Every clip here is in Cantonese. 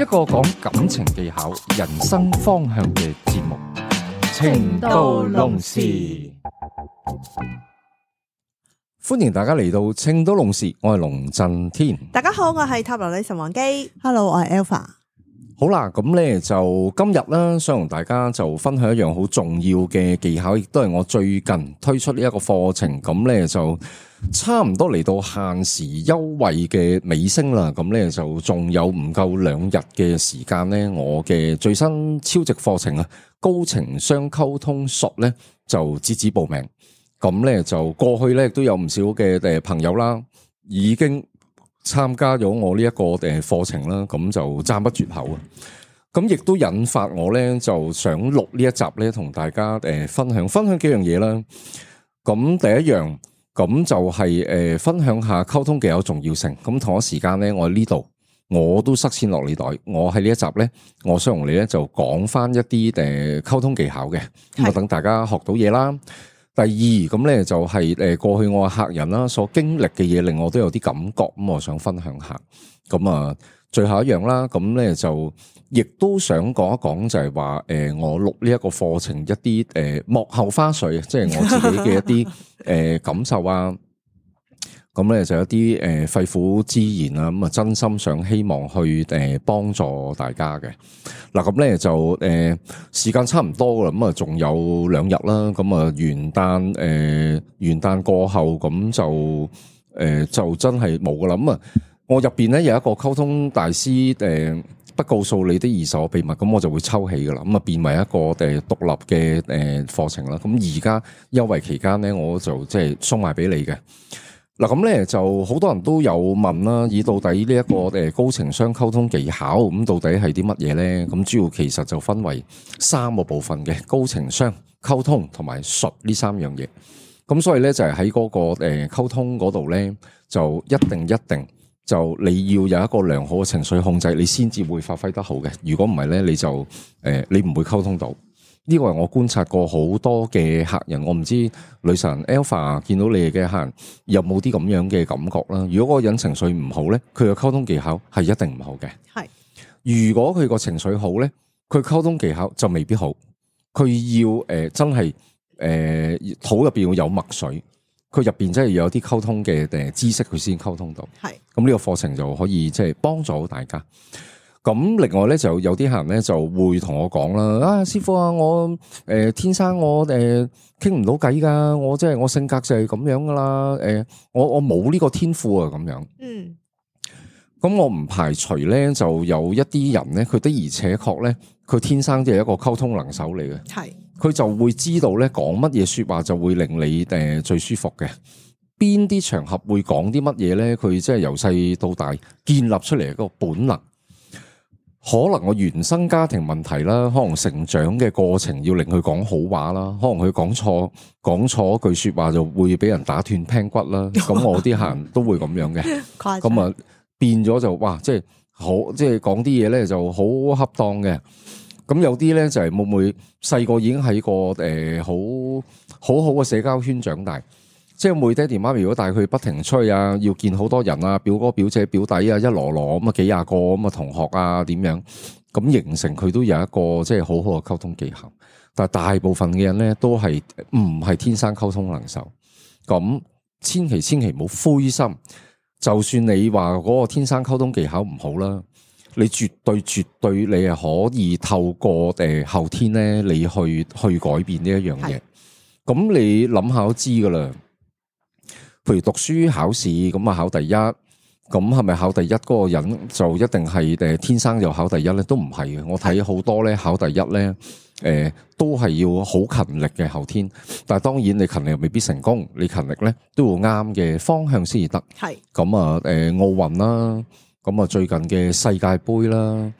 一個講感情技巧、人生方向嘅節目《情到龍匙》。歡迎大家嚟到《情到龍匙》，我係龍震天。大家好，我係塔羅女神王姬。Hello，我係 Alpha。好啦，咁咧就今日咧，想同大家就分享一樣好重要嘅技巧，亦都係我最近推出呢一個課程。咁咧就差唔多嚟到限時優惠嘅尾聲啦。咁咧就仲有唔夠兩日嘅時間咧，我嘅最新超值課程啊，高情商溝通術咧就截止報名。咁咧就過去咧都有唔少嘅誒朋友啦，已經。參加咗我呢一個誒課程啦，咁就讚不絕口啊！咁亦都引發我咧就想錄呢一集咧，同大家誒分享，分享幾樣嘢啦。咁第一樣，咁就係、是、誒、呃、分享下溝通技巧重要性。咁同一時間咧，我喺呢度我都塞錢落你袋，我喺呢一集咧，我想同你咧就講翻一啲誒溝通技巧嘅，咁啊等大家學到嘢啦。第二，咁咧，就係誒，過去我客人啦，所經歷嘅嘢，令我都有啲感覺。咁我想分享下。咁啊，最後一樣啦，咁咧，就亦都想講一講，就係話誒，我錄呢一個課程一啲誒幕後花絮，即係我自己嘅一啲誒感受啊。 咁咧就有啲誒肺腑之言啦，咁、呃、啊真心想希望去誒幫、呃、助大家嘅。嗱、啊，咁咧就誒時間差唔多噶啦，咁啊仲有兩日啦，咁啊元旦誒元旦過後，咁就誒就真係冇噶啦。咁、嗯、啊，我入邊咧有一個溝通大師誒、呃，不告訴你的二手秘密，咁、嗯、我就會抽起噶啦，咁、嗯、啊變為一個誒獨、呃、立嘅誒課程啦。咁而家優惠期間咧，我就即係送埋俾你嘅。嗱咁咧，就好多人都有問啦，以到底呢一個誒高情商溝通技巧，咁到底係啲乜嘢咧？咁主要其實就分為三個部分嘅高情商溝通同埋術呢三樣嘢。咁所以咧就係喺嗰個誒溝通嗰度咧，就一定一定就你要有一個良好嘅情緒控制你你，你先至會發揮得好嘅。如果唔係咧，你就誒你唔會溝通到。呢個係我觀察過好多嘅客人，我唔知女神 Alpha 見到你嘅客人有冇啲咁樣嘅感覺啦？如果嗰個人情緒唔好咧，佢嘅溝通技巧係一定唔好嘅。係，如果佢個情緒好咧，佢溝通技巧就未必好。佢要誒真係誒肚入邊要有墨水，佢入邊真係有啲溝通嘅誒知識，佢先溝通到。係，咁呢個課程就可以即係幫助到大家。咁另外咧，就有啲客人咧就會同我講啦，啊，師傅啊，我誒、呃、天生我誒傾唔到偈噶，我即係、呃我，就係、我性格就係咁樣噶啦，誒、呃、我我冇呢個天賦啊咁樣。嗯，咁、嗯、我唔排除咧，就有一啲人咧，佢的而且確咧，佢天生即係一個溝通能手嚟嘅。係是，佢就會知道咧，講乜嘢說話就會令你誒、呃、最舒服嘅，邊啲場合會講啲乜嘢咧？佢即係由細到大建立出嚟嗰個本能。可能我原生家庭問題啦，可能成長嘅過程要令佢講好話啦，可能佢講錯講錯一句說話就會俾人打斷 p 骨啦。咁 我啲客人都會咁樣嘅，咁啊 誇張變咗就哇，即係好即係講啲嘢咧就好恰當嘅。咁有啲咧就係會唔會細個已經喺個誒、呃、好，好好好嘅社交圈長大。即係每爹哋媽咪如果帶佢不停催啊，要見好多人啊，表哥表姐表弟啊，一籮籮咁啊，幾廿個咁啊，同學啊，點樣咁形成佢都有一個即係好好嘅溝通技巧。但係大部分嘅人咧，都係唔係天生溝通能手。咁千祈千祈唔好灰心。就算你話嗰個天生溝通技巧唔好啦，你絕對絕對你係可以透過誒後天咧，你去去改變呢是一樣嘢。咁你諗下都知噶啦。譬如讀書考試咁啊，考第一，咁係咪考第一嗰個人就一定係誒天生就考第一咧？都唔係嘅，我睇好多咧，考第一咧，誒、欸、都係要好勤力嘅後天。但係當然你勤力未必成功，你勤力咧都要啱嘅方向先至得。係咁是啊，誒奧運啦，咁啊，啊最近嘅世界杯啦、啊，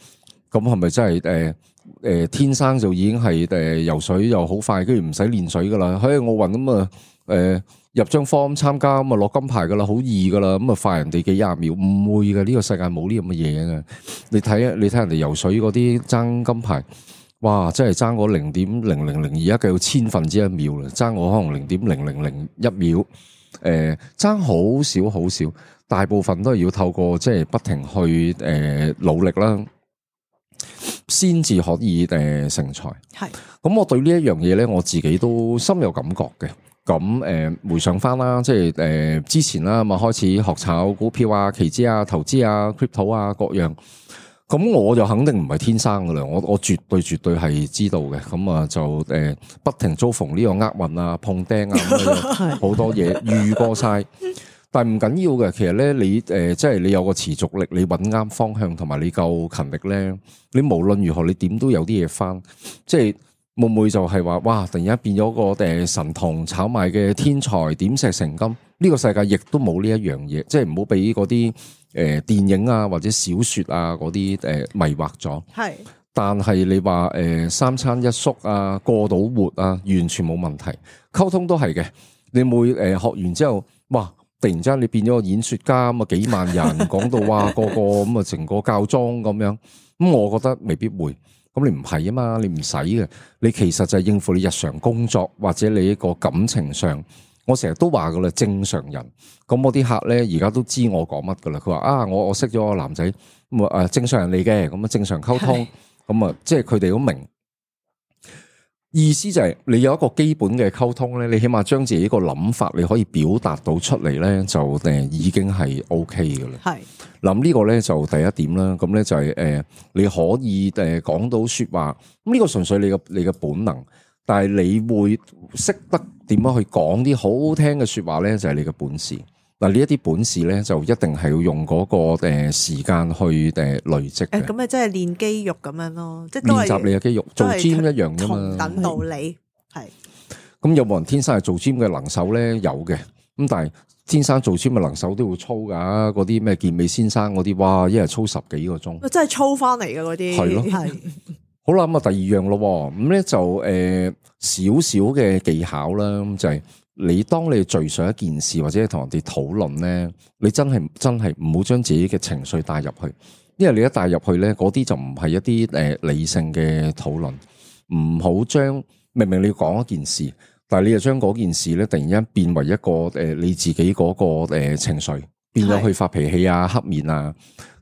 咁係咪真係誒誒天生就已經係誒游水又好快，居然唔使練水噶啦？喺奧運咁啊，誒、呃。入張 form 參加咁啊，攞金牌噶啦，好易噶啦，咁啊快人哋幾廿秒，唔會噶呢、這個世界冇呢咁嘅嘢嘅。你睇，你睇人哋游水嗰啲爭金牌，哇，真係爭我零點零零零二，而家計到千分之一秒啦，爭我可能零點零零零一秒，誒、呃，爭好少好少，大部分都係要透過即係不停去誒、呃、努力啦，先至可以誒、呃、成才。係是，咁我對呢一樣嘢咧，我自己都深有感覺嘅。咁誒，回想翻啦，即係誒，之前啦，咪開始學炒股票啊、期指啊、投資啊、Crypto 啊各樣。咁我就肯定唔係天生噶啦，我我絕對絕對係知道嘅。咁啊就誒，不停遭逢呢個厄運啊、碰釘啊，好多嘢遇過晒。但係唔緊要嘅，其實咧，你誒，即係你有個持續力，你揾啱方向，同埋你夠勤力咧，你無論如何，你點都有啲嘢翻，即係。會唔會就係、是、話哇突然間變咗個誒神童炒賣嘅天才點石成金呢、這個世界亦都冇呢一樣嘢，即係唔好俾嗰啲誒電影啊或者小說啊嗰啲誒迷惑咗。係是，但係你話誒、呃、三餐一宿啊過到活啊完全冇問題，溝通都係嘅。你會誒、呃、學完之後哇突然間你變咗個演說家咁啊幾萬人講 到話個個咁啊成個教宗咁樣咁、嗯，我覺得未必會。咁你唔係啊嘛，你唔使嘅，你其實就係應付你日常工作或者你一個感情上，我成日都話噶啦，正常人。咁我啲客咧而家都知我講乜噶啦，佢話啊，我我識咗個男仔，咁啊誒，正常人嚟嘅，咁啊正常溝通，咁啊即係佢哋都明。意思就係你有一個基本嘅溝通咧，你起碼將自己，OK，是個一個諗法你可以表達到出嚟，咧，就誒已經係 O K 嘅啦。係，嗱，咁呢個咧就第一點啦。咁咧就係誒，你可以誒講到說話，咁，這，呢個純粹你嘅你嘅本能，但係你會識得點樣去講啲好好聽嘅說話咧，就係，是，你嘅本事。嗱，呢一啲本事咧，就一定係要用嗰個誒時間去誒累積誒，咁啊、欸，即係練肌肉咁樣咯，即係練習你嘅肌肉做 gym 一樣噶嘛，同等道理係。咁是是有冇人天生係做 gym 嘅能手咧？有嘅。咁但係天生做 gym 嘅能手都會操噶、啊。嗰啲咩健美先生嗰啲，哇，一日操十幾個鐘。哇，真係操翻嚟嘅嗰啲。係咯，係。好啦，咁啊，第二樣咯。咁咧就誒，少少嘅技巧啦，咁就係、是。你當你敘述一件事，或者同人哋討論呢，你真係真係唔好將自己嘅情緒帶入去，因為你一帶入去呢，嗰啲就唔係一啲誒理性嘅討論。唔好將明明你講一件事，但係你又將嗰件事咧，突然間變為一個誒你自己嗰個誒情緒，變咗去發脾氣啊、黑面啊。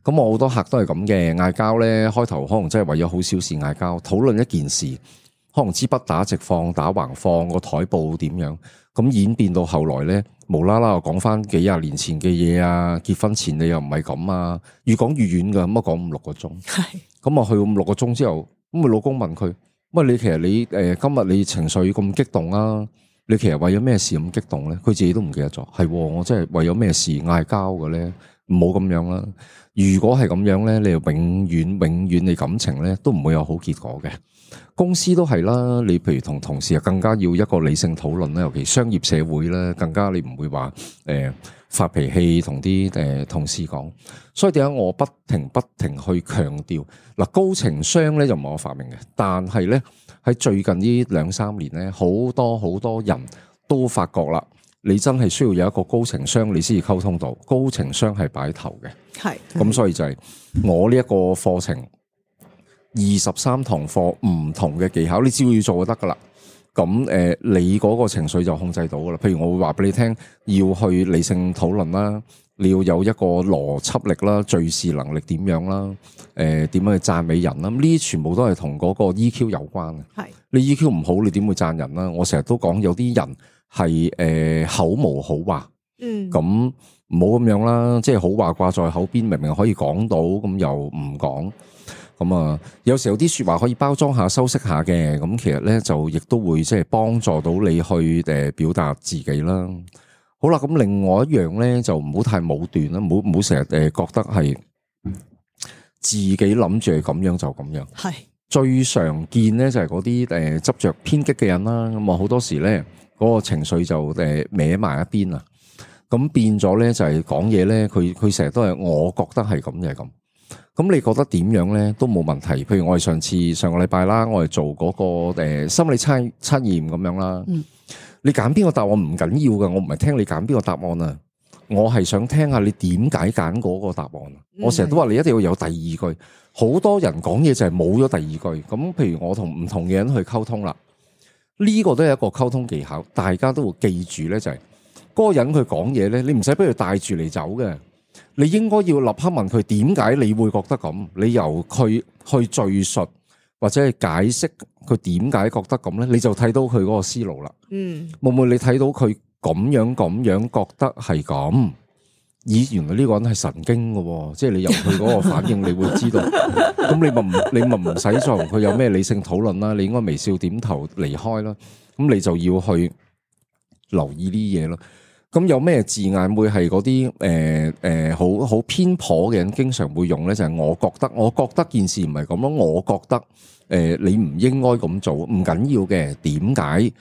咁我好多客都係咁嘅，嗌交呢，開頭可能真係為咗好小事嗌交，討論一件事。可能支筆打直放打橫放個，台布點樣，咁演變到後來咧，無啦啦又講翻幾廿年前嘅嘢啊！結婚前你又唔係咁啊！越講越遠噶，咁啊講五六個鐘。係咁啊去五六個鐘之後，咁啊老公問佢：喂，你其實你誒今日你情緒咁激動啊？你其實為咗咩事咁激動咧？佢自己都唔記得咗。係我真係為咗咩事嗌交嘅咧？唔好咁樣啦，啊！如果係咁樣咧，你又永遠永遠你感情咧都唔會有好結果嘅。公司都係啦，你譬如同同事啊，更加要一個理性討論啦。尤其商業社會咧，更加你唔會話誒、呃、發脾氣同啲誒同事講。所以點解我不停不停去強調嗱高情商咧就唔係我發明嘅，但係咧喺最近呢兩三年咧，好多好多人都發覺啦，你真係需要有一個高情商，你先至溝通到。高情商係擺頭嘅。係咁，嗯、所以就係我呢一個課程。二十三堂課唔同嘅技巧，你只要做就得噶啦。咁誒、呃，你嗰個情緒就控制到噶啦。譬如我會話俾你聽，要去理性討論啦，你要有一個邏輯力啦，敘事能力點樣啦，誒、呃，點樣去讚美人啦。咁呢啲全部都係同嗰個 EQ 有關嘅。係是你 EQ 唔好，你點會讚人啦？我成日都講，有啲人係誒口無好話。嗯，咁唔好咁樣啦，即係好話掛在口邊，明明可以講到，咁又唔講。咁啊，有時有啲說話可以包裝下、修飾下嘅，咁其實咧就亦都會即係幫助到你去誒表達自己啦。好啦，咁另外一樣咧就唔好太武斷啦，唔好唔好成日誒覺得係自己諗住係咁樣就咁樣。係是最常見咧就係嗰啲誒執着偏激嘅人啦。咁啊好多時咧嗰個情緒就誒歪埋一邊啦。咁變咗咧就係講嘢咧，佢佢成日都係我覺得係咁嘅，就係咁。咁你覺得點樣咧都冇問題，譬如我哋上次上個禮拜啦，我哋做嗰、那個誒、呃、心理測測驗咁樣啦，嗯、你揀邊個答案唔緊要噶，我唔係聽你揀邊個答案啊，我係想聽下你點解揀嗰個答案、嗯、我成日都話你一定要有第二句，好多人講嘢就係冇咗第二句。咁譬如我同唔同嘅人去溝通啦，呢、這個都係一個溝通技巧，大家都會記住咧就係、是、嗰、那個人佢講嘢咧，你唔使俾佢帶住嚟走嘅。你應該要立刻問佢點解你會覺得咁？你由佢去敘述或者係解釋佢點解覺得咁咧，你就睇到佢嗰個思路啦。嗯，會唔會你睇到佢咁樣咁樣覺得係咁？咦，原來呢個人係神經嘅，即係你由佢嗰個反應你會知道。咁 你咪唔你咪唔使再同佢有咩理性討論啦。你應該微笑點頭離開啦。咁你就要去留意啲嘢咯。咁有咩字眼會係嗰啲誒誒，好好偏頗嘅人經常會用咧？就係、是、我覺得，我覺得件事唔係咁樣。我覺得誒、呃，你唔應該咁做，唔緊要嘅。點解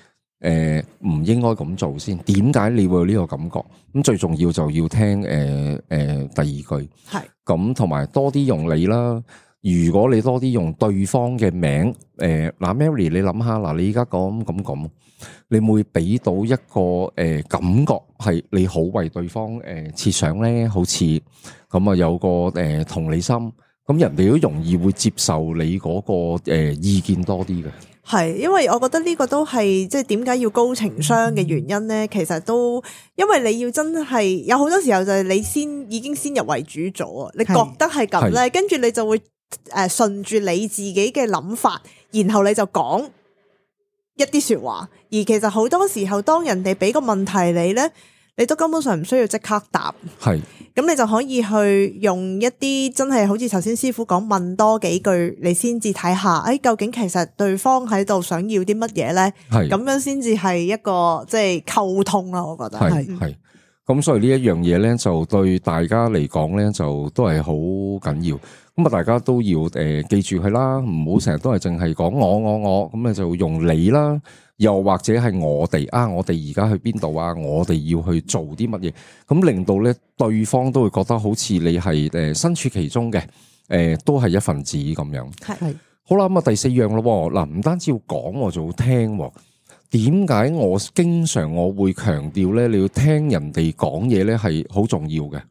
誒唔應該咁做先？點解你會有呢個感覺？咁最重要就要聽誒誒、呃呃、第二句，係咁同埋多啲用你啦。如果你多啲用對方嘅名，誒、呃、嗱，Mary，你諗下嗱，你而家咁咁講。你會俾到一個誒感覺，係你好為對方誒設想咧，好似咁啊，有個誒同理心，咁人哋都容易會接受你嗰個誒意見多啲嘅。係，因為我覺得呢個都係即係點解要高情商嘅原因咧。嗯，其實都因為你要真係有好多時候就係你先已經先入為主咗，你覺得係咁咧，跟住是你就會誒順住你自己嘅諗法，然後你就講。一啲説話，而其實好多時候，當人哋俾個問題你呢，你都根本上唔需要即刻答。係是，咁你就可以去用一啲真係好似頭先師傅講，問多幾句，你先至睇下，哎，究竟其實對方喺度想要啲乜嘢呢？係是，咁樣先至係一個即係溝通啦。我覺得係係，咁、嗯、所以呢一樣嘢呢，就對大家嚟講呢，就都係好緊要。咁啊，大家都要誒記住佢啦，唔好成日都係淨係講我我我，咁啊就用你啦，又或者係我哋啊，我哋而家去邊度啊，我哋要去做啲乜嘢，咁令到咧對方都會覺得好似你係誒身處其中嘅，誒都係一份子咁樣。係係的好啦，咁啊第四樣咯喎，嗱唔單止要講，我仲要聽。點解我經常我會強調咧？你要聽人哋講嘢咧，係好重要嘅。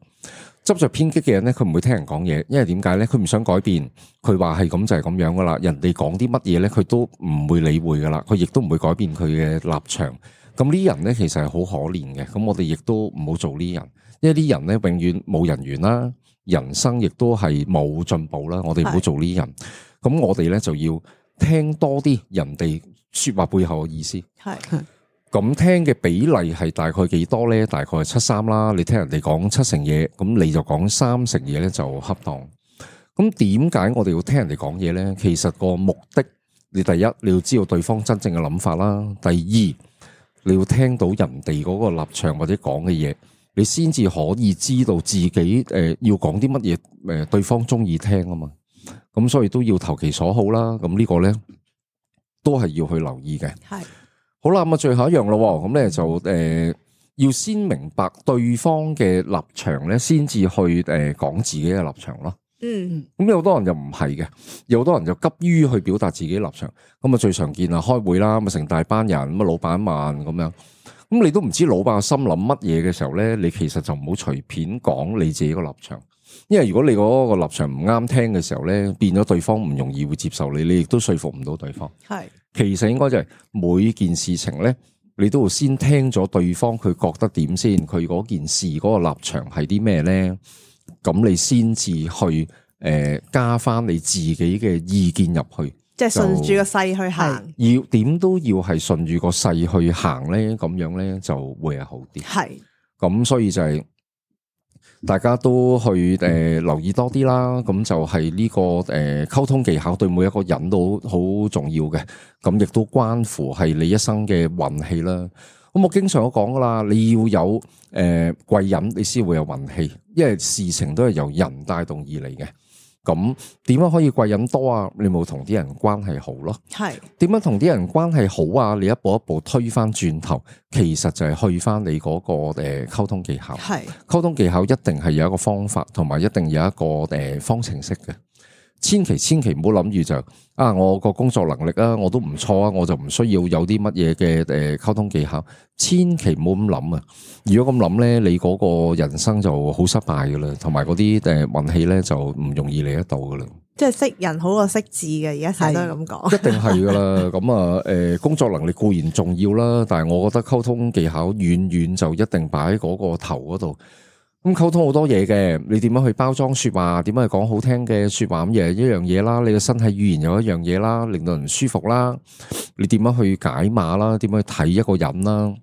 執着偏激嘅人咧，佢唔會聽人講嘢，因為點解咧？佢唔想改變，佢話係咁就係咁樣噶啦。人哋講啲乜嘢咧，佢都唔會理會噶啦。佢亦都唔會改變佢嘅立場。咁呢人咧，其實係好可憐嘅。咁我哋亦都唔好做呢人，因為呢啲人咧永遠冇人緣啦，人生亦都係冇進步啦。我哋唔好做呢人。咁是的 我哋咧就要聽多啲人哋說話背後嘅意思。係。咁聽嘅比例係大概幾多咧？大概係七三啦。你聽人哋講七成嘢，咁你就講三成嘢咧，就恰當。咁點解我哋要聽人哋講嘢咧？其實個目的，你第一你要知道對方真正嘅諗法啦，第二你要聽到人哋嗰個立場或者講嘅嘢，你先至可以知道自己誒、呃、要講啲乜嘢誒，對方中意聽啊嘛。咁所以都要投其所好啦。咁呢個咧都係要去留意嘅。係。好啦，咁啊，最後一樣咯，咁、嗯、咧就誒、呃，要先明白對方嘅立場咧，先至去誒講、呃、自己嘅立場咯。嗯，咁有好多人就唔係嘅，有好多人就急於去表達自己立場。咁啊，最常見啊，開會啦，咁啊成大班人，咁啊老闆萬咁樣，咁你都唔知老闆心諗乜嘢嘅時候咧，你其實就唔好隨便講你自己個立場。因為如果你嗰個立場唔啱聽嘅時候咧，變咗對方唔容易會接受你，你亦都說服唔到對方。係，其實應該就係每件事情咧，你都先聽咗對方佢覺得點先，佢嗰件事嗰個立場係啲咩咧？咁你先至去誒加翻，你自己嘅意見入去，即係順住個勢去行，要點都要係順住個勢去行咧，咁樣咧就會係好啲。係，咁所以就係。大家都去誒、呃、留意多啲啦，咁就係呢、這個誒呃、溝通技巧對每一個人都好重要嘅，咁亦都關乎係你一生嘅運氣啦。咁我經常都講噶啦，你要有誒呃、貴人，你先會有運氣，因為事情都係由人帶動而嚟嘅。咁點樣可以貴人多啊？你冇同啲人關係好咯。係點樣同啲人關係好啊？你一步一步推返轉頭，其實就係去返你嗰個誒溝通技巧。係溝是通技巧一定係有一個方法，同埋一定有一個誒方程式嘅。千祈千祈唔好諗住就啊！我個工作能力啊，我都唔錯啊，我就唔需要有啲乜嘢嘅誒溝通技巧。千祈唔好咁諗啊！如果咁諗咧，你嗰個人生就好失敗噶啦，同埋嗰啲誒運氣咧就唔容易嚟得到噶啦。即係識人好過識字嘅，而家大家都係咁講。一定係噶啦，咁 啊誒，工作能力固然重要啦，但係我覺得溝通技巧遠遠就一定擺喺嗰個頭嗰度。咁溝通好多嘢嘅，你點樣去包裝說話？點樣去講好聽嘅說話咁嘢？一樣嘢啦，你嘅身體語言又一樣嘢啦，令到人舒服啦。你點樣去解碼啦？點樣去睇一個人啦？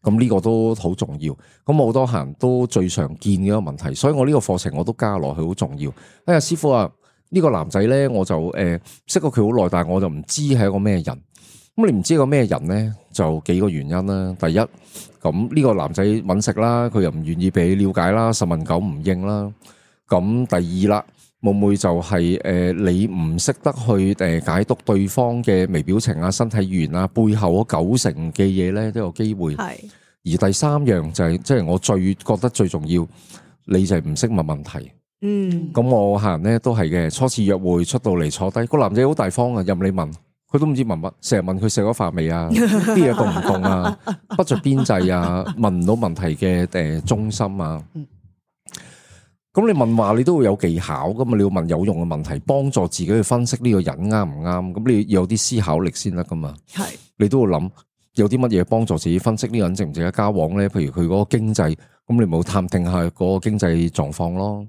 咁呢個都好重要。咁好多行都最常見嘅一個問題，所以我呢個課程我都加落去，好重要。哎呀，師傅啊，呢、呢個男仔咧，我就誒識過佢好耐，但係我就唔知係一個咩人。咁你唔知個咩人咧，就幾個原因啦。第一，咁呢個男仔搵食啦，佢又唔願意俾你了解啦，十問九唔應啦。咁第二啦，會唔會就係誒你唔識得去誒解讀對方嘅微表情啊、身體語言啊、背後嗰九成嘅嘢咧，都有機會。係而第三樣就係即係我最覺得最重要，你就係唔識問問題。嗯，咁我客人咧都係嘅，初次約會出到嚟坐低，個男仔好大方啊，任你問。佢都唔知問乜，成日問佢食咗飯未啊？啲嘢凍唔凍啊？ 不着邊際啊。問唔到問題嘅誒中心啊。咁 你問話你都會有技巧，㗎嘛，你要問有用嘅問題，幫助自己去分析呢個人啱唔啱？咁你要有啲思考力先得噶嘛？係你都要諗有啲乜嘢幫助自己分析呢個人值唔值得交往咧，譬如佢嗰個經濟，咁你冇探聽下嗰個經濟狀況咯。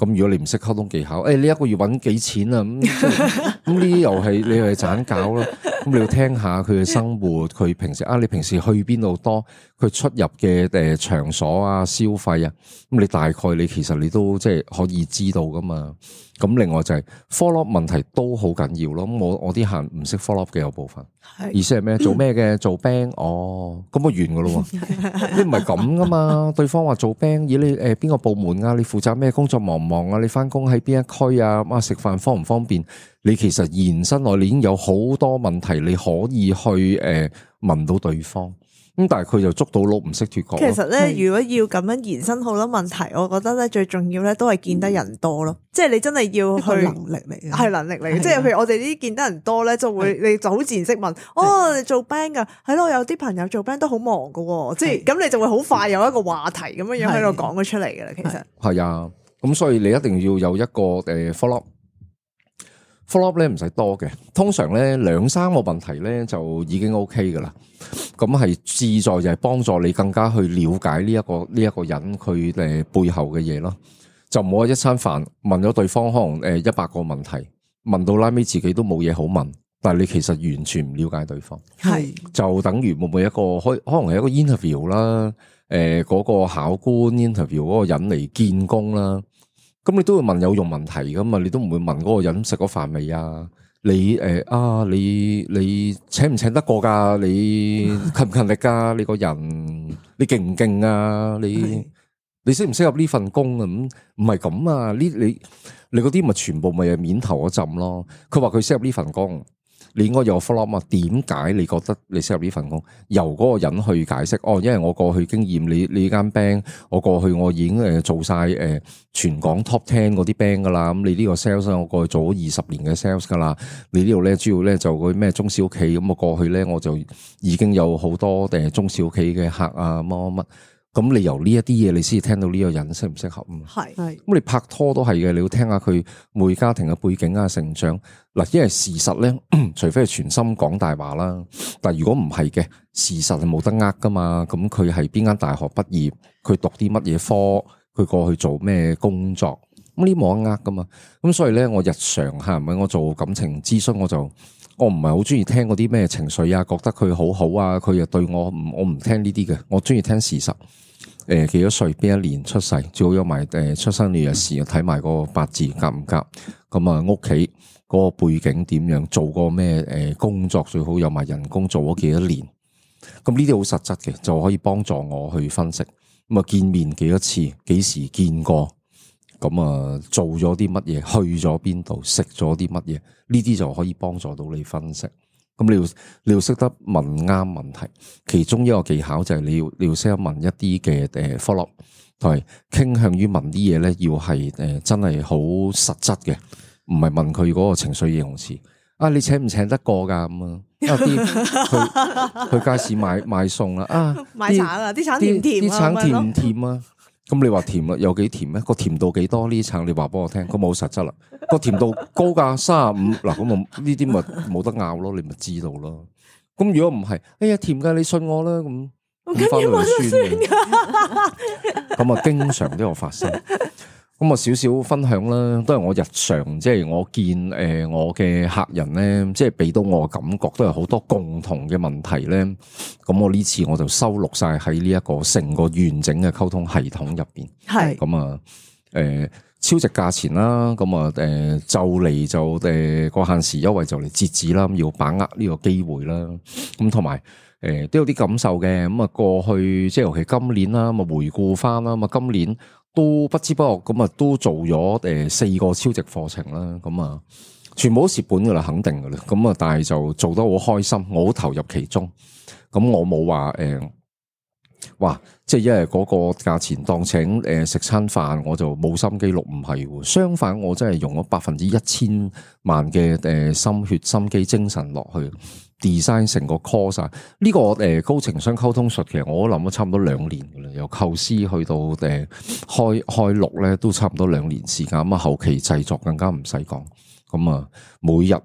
咁如果你唔識溝通技巧，誒、哎、你一個月揾幾錢啊？咁咁呢啲又係你係盞搞啦。咁你要聽下佢嘅生活，佢平時啊，你平時去邊度多，佢出入嘅誒場所啊、消費啊，咁你大概你其實你都即係、就是、可以知道㗎嘛。咁另外就係 follow up 問題都好緊要咯，咁我我啲客唔識 follow up 嘅有部分，是意思係咩？做咩嘅？做 bank 哦、oh,，咁啊完噶咯喎，你唔係咁噶嘛？對方話做 bank，咦、呃、你誒邊、呃、個部門啊？你負責咩工作忙唔忙啊？你翻工喺邊一區啊？啊食飯方唔方便？你其實延伸內你已經有好多問題，你可以去誒問、呃、到對方。咁但係佢就捉到鹿唔識脫角。脫其實咧，如果要咁樣延伸好多問題，是的 我覺得咧最重要咧都係見得人多咯。嗯、即係你真係要去，能力嚟嘅是的，係能力嚟嘅，即係譬如我哋呢啲見得人多咧，就會你就好自然識問是的 哦，你做 band 噶係咯、嗯，有啲朋友做 band 都好忙噶，是的 即係咁你就會好快有一個話題咁樣樣喺度講咗出嚟噶啦。其實係啊，咁所以你一定要有一個誒 follow。呃 follow up 咧，唔使多嘅，通常咧兩三個問題咧就已經 OK 㗎喇。咁係志在就係、是、幫助你更加去了解呢、這、一個呢一、這個人佢誒背後嘅嘢咯。就唔好一餐飯問咗對方可能誒一百個問題，問到拉尾自己都冇嘢好問，但係你其實完全唔了解對方。係是就等於每一個可可能係一個 interview 啦、呃，誒、那、嗰個考官 interview 嗰個人嚟見功啦。咁你都會問有用問題㗎嘛？你都唔會問嗰個人食咗飯未啊？你誒啊？你你請唔請得過㗎？你勤唔勤力㗎？你個人你勁唔勁啊？你你適唔適合呢份工啊？咁唔係咁啊？呢你你嗰啲咪全部咪係面頭嗰浸咯？佢話佢適合呢份工。你應該有 follow 嘛？點解你覺得你適合呢份工？由嗰個人去解釋。哦，因為我過去經驗，你你間 band，我過去我已經誒做晒誒全港 top ten 嗰啲 band 噶啦。咁你呢個 sales，我過去做咗二十年嘅 sales 噶啦。你呢度咧，主要咧就佢咩中小企咁，我過去咧我就已經有好多定係中小企嘅客啊，乜乜乜。咁你由呢一啲嘢，你先至聽到呢個人適唔適合啊？係係咁你拍拖都係嘅，你要聽下佢每家庭嘅背景啊、成長嗱，因為事實咧， 除非係全心講大話啦，但如果唔係嘅，事實係冇得呃噶嘛。咁佢係邊間大學畢業，佢讀啲乜嘢科，佢過去做咩工作，咁呢冇得呃噶嘛。咁所以咧，我日常係咪我做感情諮詢，我就。我唔係好中意聽嗰啲咩情緒啊，覺得佢好好啊，佢又對我唔，我唔聽呢啲嘅，我中意聽，聽事實。誒、呃，幾多歲，邊一年出世，最好有埋誒出生年月日時，又睇埋嗰個八字夾唔夾。咁、嗯、啊，屋企嗰個背景點樣，做過咩誒、呃、工作，最好有埋人工，做咗幾多年。咁呢啲好實質嘅，就可以幫助我去分析。咁、嗯、啊，見面幾多次，幾時見過。咁啊，做咗啲乜嘢？去咗邊度？食咗啲乜嘢？呢啲就可以幫助到你分析。咁你要你要識得問啱問題。其中一個技巧就係你要你要識得問一啲嘅誒 follow up，同埋傾向於問啲嘢咧，要係誒真係好實質嘅，唔係問佢嗰個情緒形容詞。啊，你請唔請得過噶？咁啊，啲、啊、去，去街市買買餸啦，啊，買橙 啊，啲橙甜唔甜？啲橙甜唔甜啊？啊啊啊啊啊啊咁你話甜啦，有幾甜咩？個甜度幾多呢層你？你話幫我聽，咁咪好實質啦。個甜度高價三十五，嗱咁我呢啲咪冇得拗咯，你咪知道咯。咁如果唔係，哎呀甜㗎，你信我啦咁，返去酸嘅，咁啊經常都有發生。咁啊，少少分享啦，都係我日常，即、就、係、是、我見誒、呃，我嘅客人咧，即係俾到我感覺，都係好多共同嘅問題咧。咁我呢次我就收錄晒喺呢一個成個完整嘅溝通系統入邊。係咁是啊，誒、呃，超值價錢啦，咁啊，誒、呃，就嚟就誒，嗰、呃、限時優惠就嚟截止啦，要把握呢個機會啦。咁同埋誒，都有啲感受嘅。咁啊，過去即係、就是、尤其今年啦，咁啊，回顧返啦，咁啊，今年。都不知不覺咁啊，都做咗誒四個超值課程啦，咁啊，全部都蝕本噶啦，肯定噶啦，咁啊，但係就做得好開心，我好投入其中，咁我冇話誒，哇，即係因為嗰個價錢當請誒食餐飯，我就冇心機錄，唔係，相反我真係用咗百分之一千萬嘅誒心血、心機、精神落去。design 成個 course，呢個誒高情商溝通術其實我都諗咗差唔多兩年噶啦，由構思去到誒、呃、開開錄咧，都差唔多兩年時間。咁啊，後期製作更加唔使講。咁啊，每日誒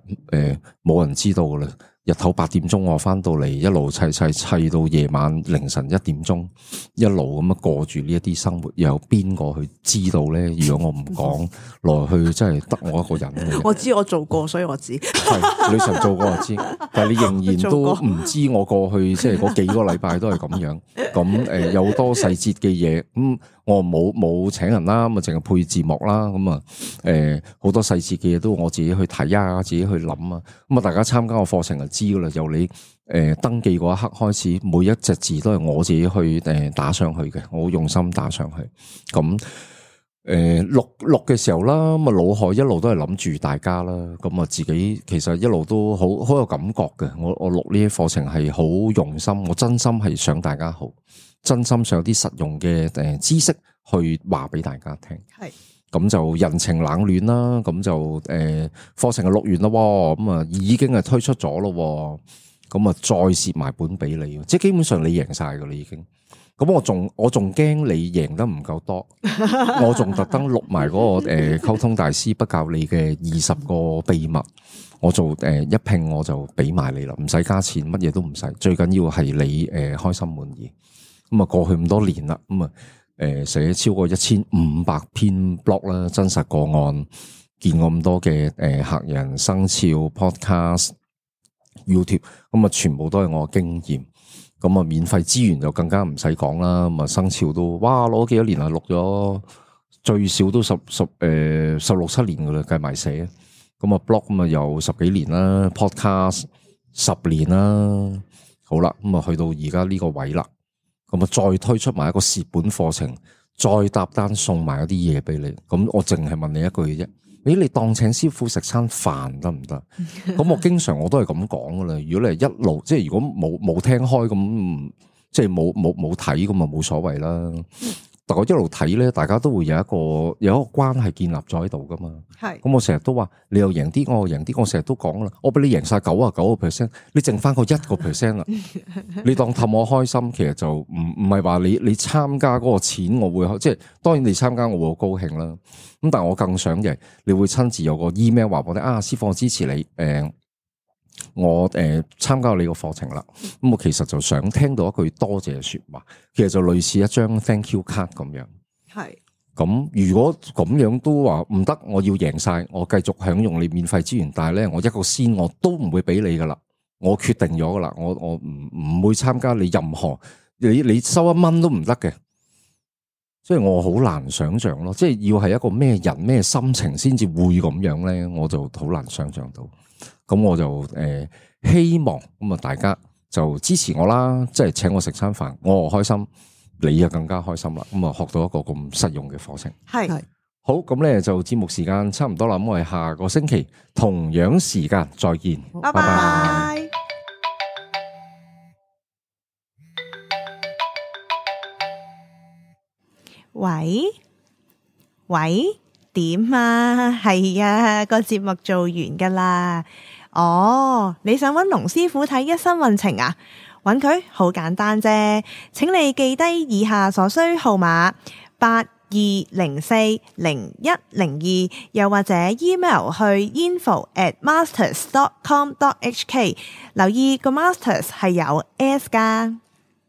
冇、呃、人知道噶啦。日頭八點鐘我翻到嚟，一路砌砌砌到夜晚凌晨一點鐘，一路咁啊過住呢一啲生活，又有邊個去知道咧？如果我唔講，來去 真係得我一個人。 我知我做過，所以我知女神 做過我知，但係你仍然都唔知我過去即係嗰幾個禮拜都係咁樣。咁、嗯、誒有多細節嘅嘢，咁我冇冇請人啦，咁啊淨係配字幕啦，咁啊誒好多細節嘅嘢都我自己去睇啊，自己去諗啊。咁啊大家參加我課程啊。知噶啦，由你誒、呃、登記嗰一刻開始，每一隻字都係我自己去誒、呃、打上去嘅，我好用心打上去。咁誒錄錄嘅時候啦，咁啊腦海一路都係諗住大家啦，咁啊自己其實一路都好好有感覺嘅。我我錄呢啲課程係好用心，我真心係想大家好，真心想有啲實用嘅誒、呃、知識去話俾大家聽。係。咁就人情冷暖啦，咁就誒課程係錄完啦，咁啊已經係推出咗咯，咁啊再蝕埋本俾你，即係基本上你贏晒噶啦已經，咁我仲我仲驚你贏得唔夠多， 我仲特登錄埋嗰個誒溝通大師不教你嘅二十個秘密，我做誒一拼我就俾埋你啦，唔使加錢，乜嘢都唔使，最緊要係你誒開心滿意，咁啊過去咁多年啦，咁、嗯、啊。誒，寫、呃、超過一千五百篇 blog 啦，真實個案，見咁多嘅誒、呃、客人，生肖 podcast、YouTube，咁、嗯、啊，全部都係我經驗，咁、嗯、啊，免費資源就更加唔使講啦，咁、嗯、啊，生肖都哇，攞幾多年啊，錄咗最少都十十誒十六七年噶啦，計埋寫，咁、嗯、啊 blog 咁、嗯、啊有十幾年啦，podcast 十年啦，好啦，咁、嗯、啊去到而家呢個位啦。咁啊，再推出埋一個蝕本課程，再搭單送埋一啲嘢俾你。咁我淨係問你一句啫，咦？你當請師傅食餐飯得唔得？咁我經常我都係咁講噶啦。如果你係一路即係如果冇冇聽開咁，即係冇冇冇睇咁啊，就冇所謂啦。 但我一路睇咧，大家都會有一個有一個關係建立咗喺度噶嘛。係是，咁我成日都話，你又贏啲，我又贏啲，我成日都講噶啦。我俾你贏晒九啊九個 percent，你剩翻個一個 percent 啦。 你當氹我開心，其實就唔唔係話你你參加嗰個錢我會即係，當然你參加我會好高興啦。咁但係我更想嘅，你會親自有個 email 話我哋啊，師傅我支持你誒。嗯我誒、呃、參加你個課程啦，咁，嗯，我其實就想聽到一句多謝說話，其實就類似一張 thank you card 咁樣。係，咁如果咁樣都話唔得，我要贏晒，我繼續享用你免費資源，但係咧我一個仙我都唔會俾你噶啦，我決定咗噶啦，我我唔唔會參加你任何，你你收一蚊都唔得嘅，所以我好難想象咯，即係要係一個咩人咩心情先至會咁樣咧？我就好難想象到。咁我就誒、呃、希望咁啊，大家就支持我啦，即係請我食餐飯，我開心，你又更加開心啦。咁啊，學到一個咁實用嘅課程。係是好，咁咧就節目時間差唔多啦，咁我哋下個星期同樣時間再見。拜拜好 bye。喂喂。點啊，係啊，個節目做完噶啦。哦，你想揾龍師傅睇一生運程啊？揾佢好簡單啫，請你記低以下所需號碼八二零四零一零二，2, 又或者 email 去 info at masters dot com dot h k。留意個 masters 係有 s 噶。